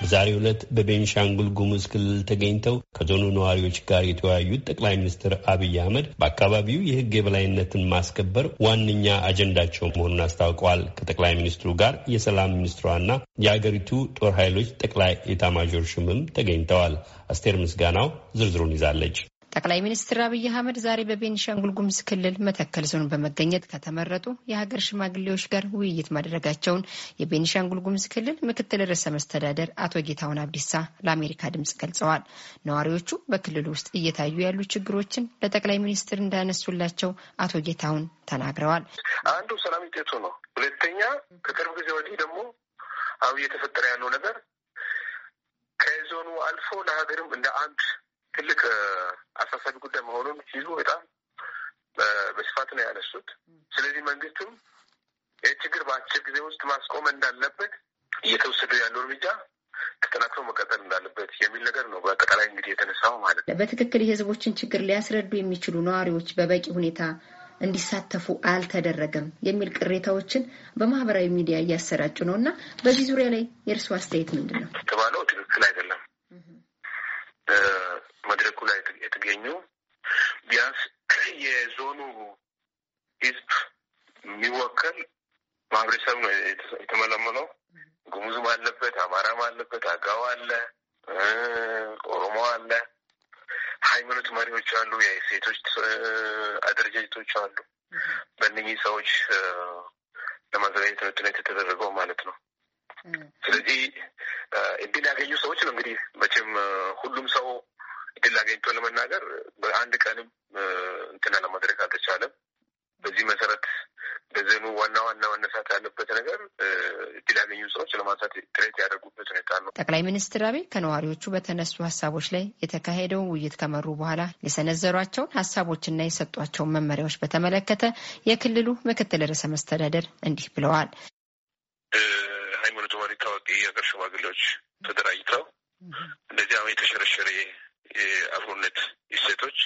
በዛሬው ዕለት በቤንሻንጉል ጉሙዝ ክልል ተገኝተው ከዞኑ ነዋሪዎች ጋር የተወያዩት ጠቅላይ ሚኒስትር አብይ አህመድ በአካባቢው የሕግ የበላይነትን ማስከበር ዋነኛ አጀንዳቸው መሆኑን አስታውቀዋል። ከጠቅላይ ሚኒስትሩ ጋር የሰላም ሚኒስትሯና የአገሪቱ ጦር ኃይሎች ጠቅላይ ኤታማዦር ሹምም ተገኝተዋል። አስቴር ምስጋናው ዝርዝሩን ይዛለች። ጠቅላይ ሚኒስትር አብይ አህመድ ዛሬ በቤኒሻንጉል ጉሙዝ ክልል መተከል ዞን በመገኘት ከተመረጡ የሀገር ሽማግሌዎች ጋር ውይይት ማድረጋቸውን የቤኒሻንጉል ጉሙዝ ክልል ምክትል ርዕሰ መስተዳደር አቶ ጌታሁን አብዲሳ ለአሜሪካ ድምጽ ገልጸዋል። ነዋሪዎቹ በክልሉ ውስጥ እየታዩ ያሉ ችግሮችን ለጠቅላይ ሚኒስትር እንዳያነሱላቸው አቶ ጌታሁን ተናግረዋል። አንዱ ሰላም ውጤቱ ነው። ሁለተኛ ከቅርብ ጊዜ ወዲህ ደግሞ አብይ እየተፈጠረ ያለው ነገር ከዞኑ አልፎ ለሀገርም እንደ አንድ ትልቅ አሳሳቢ ጉዳይ መሆኑን ህዝቡ በጣም በስፋት ነው ያነሱት። ስለዚህ መንግስትም ይህ ችግር በአጭር ጊዜ ውስጥ ማስቆም እንዳለበት እየተወሰዱ ያለው እርምጃ ተጠናክሮ መቀጠል እንዳለበት የሚል ነገር ነው በአጠቃላይ እንግዲህ የተነሳው ማለት ነው። በትክክል የህዝቦችን ችግር ሊያስረዱ የሚችሉ ነዋሪዎች በበቂ ሁኔታ እንዲሳተፉ አልተደረገም የሚል ቅሬታዎችን በማህበራዊ ሚዲያ እያሰራጩ ነው እና በዚህ ዙሪያ ላይ የእርስዎ አስተያየት ምንድን ነው? የተባለው ትክክል አይደለም። የምትገኙ ቢያንስ የዞኑ ህዝብ የሚወከል ማህበረሰብ ነው የተመለመለው። ጉሙዝም አለበት፣ አማራም አለበት፣ አጋው አለ፣ ኦሮሞ አለ፣ ሃይማኖት መሪዎች አሉ፣ የሴቶች አደረጃጀቶች አሉ። በእነኚህ ሰዎች ለማዘጋጀት ነው የተደረገው ማለት ነው። ስለዚህ እድል ያገኙ ሰዎች ነው እንግዲህ መቼም ሁሉም ሰው ግን አገኝቶ ለመናገር በአንድ ቀንም እንትና ለማድረግ አልተቻለም። በዚህ መሰረት በዘኑ ዋና ዋና መነሳት ያለበት ነገር እድል ያገኙ ሰዎች ለማንሳት ጥረት ያደርጉበት ሁኔታ ነው። ጠቅላይ ሚኒስትር አብይ ከነዋሪዎቹ በተነሱ ሀሳቦች ላይ የተካሄደውን ውይይት ከመሩ በኋላ የሰነዘሯቸውን ሀሳቦችና የሰጧቸውን መመሪያዎች በተመለከተ የክልሉ ምክትል ርዕሰ መስተዳደር እንዲህ ብለዋል። ሃይማኖት ማሪ ታዋቂ የሀገር ሽማግሌዎች ተደራጅተው እንደዚህ አሁን የተሸረሸረ የአብሮነት እሴቶች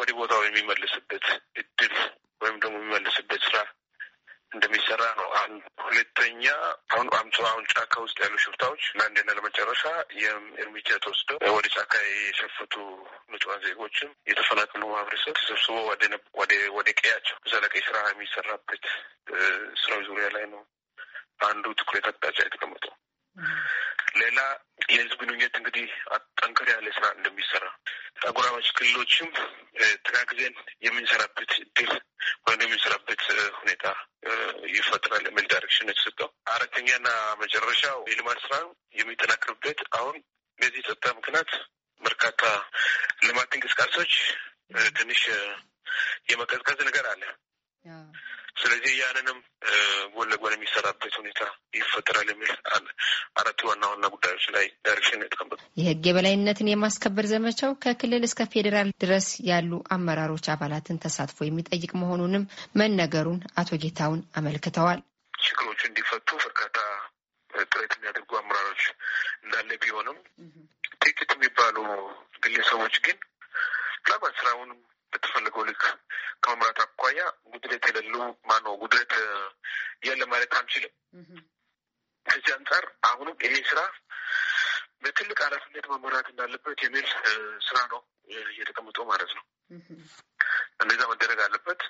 ወደ ቦታው የሚመልስበት እድል ወይም ደግሞ የሚመልስበት ስራ እንደሚሰራ ነው። አንድ ሁለተኛ አሁን አምሶ አሁን ጫካ ውስጥ ያሉ ሽፍታዎች ለአንዴና ለመጨረሻ ይህም እርምጃ ተወስደው ወደ ጫካ የሸፈቱ ንጹሃን ዜጎችም የተፈናቀሉ ማህበረሰብ ተሰብስቦ ወደ ቀያቸው ዘለቀ ስራ የሚሰራበት ስራው ዙሪያ ላይ ነው አንዱ ትኩረት አቅጣጫ የተቀመጠው። ሌላ የህዝብ ግንኙነት እንግዲህ ጠንከር ያለ ስራ እንደሚሰራ አጎራባች ክልሎችም ተጋግዘን የምንሰራበት እድል ወይም የምንሰራበት ሁኔታ ይፈጥራል የሚል ዳይሬክሽን የተሰጠው። አራተኛና መጨረሻው የልማት ስራ የሚጠናክርበት አሁን በዚህ ጸጥታ ምክንያት በርካታ ልማት እንቅስቃሴዎች ትንሽ የመቀዝቀዝ ነገር አለ። ስለዚህ ያንንም ጎን ለጎን የሚሰራበት ሁኔታ ይፈጠራል የሚል አራት ዋና ዋና ጉዳዮች ላይ ዳይሬክሽን የጠበቁ የህግ የበላይነትን የማስከበር ዘመቻው ከክልል እስከ ፌዴራል ድረስ ያሉ አመራሮች አባላትን ተሳትፎ የሚጠይቅ መሆኑንም መነገሩን አቶ ጌታውን አመልክተዋል። ችግሮቹ እንዲፈቱ በርካታ ጥረት የሚያደርጉ አመራሮች እንዳለ ቢሆንም ጥቂት የሚባሉ ግለሰቦች ግን ላባ ስራውን በተፈለገው ልክ ከመምራት አኳያ ጉድለት የሌሉ ማነው ጉድለት የለ ማለት አንችልም። ከዚህ አንጻር አሁንም ይሄ ስራ በትልቅ ኃላፊነት መመራት እንዳለበት የሚል ስራ ነው እየተቀምጦ ማለት ነው። እንደዛ መደረግ አለበት።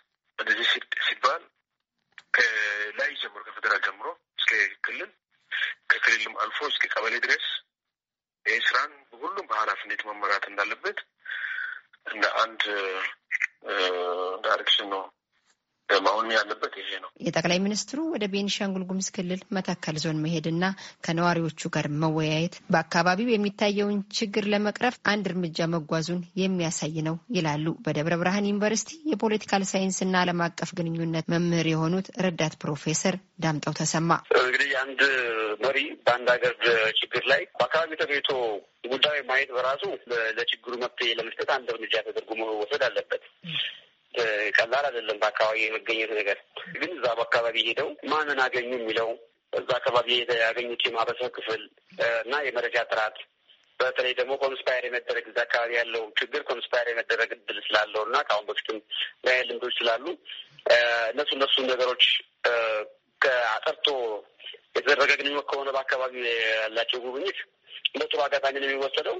እንደዚህ ሲባል ከላይ ጀምሮ ከፌደራል ጀምሮ እስከ ክልል ከክልልም አልፎ እስከ ቀበሌ ድረስ ይህ ስራን ሁሉም በኃላፊነት መመራት እንዳለበት እንደ አንድ ዳይሬክሽን ነው መሆን ያለበት ይሄ ነው። የጠቅላይ ሚኒስትሩ ወደ ቤኒሻንጉል ጉምዝ ክልል መተከል ዞን መሄድና ከነዋሪዎቹ ጋር መወያየት በአካባቢው የሚታየውን ችግር ለመቅረፍ አንድ እርምጃ መጓዙን የሚያሳይ ነው ይላሉ በደብረ ብርሃን ዩኒቨርሲቲ የፖለቲካል ሳይንስና ዓለም አቀፍ ግንኙነት መምህር የሆኑት ረዳት ፕሮፌሰር ዳምጠው ተሰማ። እንግዲህ አንድ መሪ በአንድ ሀገር ችግር ላይ በአካባቢ ተገኝቶ ጉዳዩ ማየት በራሱ ለችግሩ መፍትሄ ለመስጠት አንድ እርምጃ ተደርጎ መወሰድ አለበት። ቀላል አይደለም። በአካባቢ የመገኘት ነገር ግን እዛ በአካባቢ ሄደው ማንን አገኙ የሚለው እዛ አካባቢ ያገኙት የማህበረሰብ ክፍል እና የመረጃ ጥራት በተለይ ደግሞ ኮንስፓየር የመደረግ እዛ አካባቢ ያለው ችግር ኮንስፓየር የመደረግ እድል ስላለው እና ከአሁን በፊትም ያ ልምዶች ስላሉ እነሱ እነሱ ነገሮች አጠርቶ የተደረገ ግንኙነት ከሆነ በአካባቢ ያላቸው ጉብኝት በጥሩ አጋጣሚ ነው የሚወሰደው።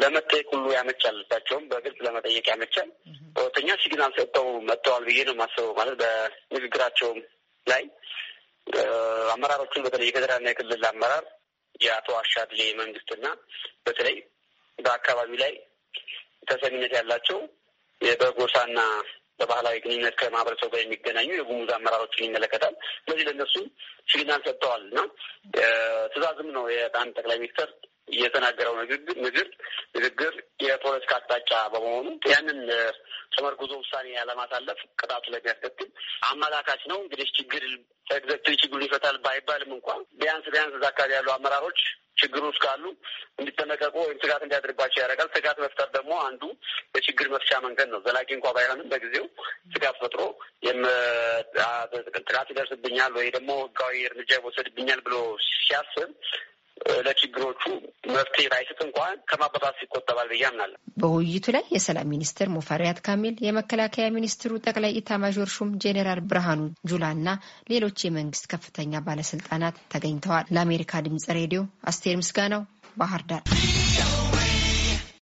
ለመጠየቅ ሁሉ ያመቻል። እሳቸውም በግልጽ ለመጠየቅ ያመቻል። ሁለተኛ ሲግናል ሰጥተው መጥተዋል ብዬ ነው የማስበው። ማለት በንግግራቸውም ላይ አመራሮቹን በተለይ የፌዴራልና የክልል አመራር የአቶ አሻድሌ መንግስትና በተለይ በአካባቢው ላይ ተሰሚነት ያላቸው በጎሳና በባህላዊ ግንኙነት ከማህበረሰቡ ጋር የሚገናኙ የጉሙዝ አመራሮችን ይመለከታል። ስለዚህ ለእነሱ ሲግናል ሰጥተዋል እና ትእዛዝም ነው የአንድ ጠቅላይ ሚኒስትር የተናገረው ንግግር ንግግር የፖለቲካ አቅጣጫ በመሆኑ ያንን ተመርኩዞ ውሳኔ ያለማሳለፍ ቅጣቱ ለሚያስከትል አመላካች ነው። እንግዲህ ችግር ኤግዘክቲቭ ችግሩን ይፈታል ባይባልም እንኳን ቢያንስ ቢያንስ እዛ አካባቢ ያሉ አመራሮች ችግሩ ውስጥ ካሉ እንዲጠነቀቁ ወይም ስጋት እንዲያድርባቸው ያደርጋል። ስጋት መፍጠር ደግሞ አንዱ የችግር መፍቻ መንገድ ነው። ዘላቂ እንኳ ባይሆንም በጊዜው ስጋት ፈጥሮ ጥቃት ይደርስብኛል ወይ ደግሞ ህጋዊ እርምጃ ይወሰድብኛል ብሎ ሲያስብ ለችግሮቹ መፍትሄ ባይሰጥ እንኳን ከማባባስ ይቆጠባል ብዬ አምናለሁ። በውይይቱ ላይ የሰላም ሚኒስትር ሙፈሪያት ካሚል፣ የመከላከያ ሚኒስትሩ ጠቅላይ ኢታማዦር ሹም ጄኔራል ብርሃኑ ጁላ እና ሌሎች የመንግስት ከፍተኛ ባለስልጣናት ተገኝተዋል። ለአሜሪካ ድምጽ ሬዲዮ አስቴር ምስጋናው ባህር ዳር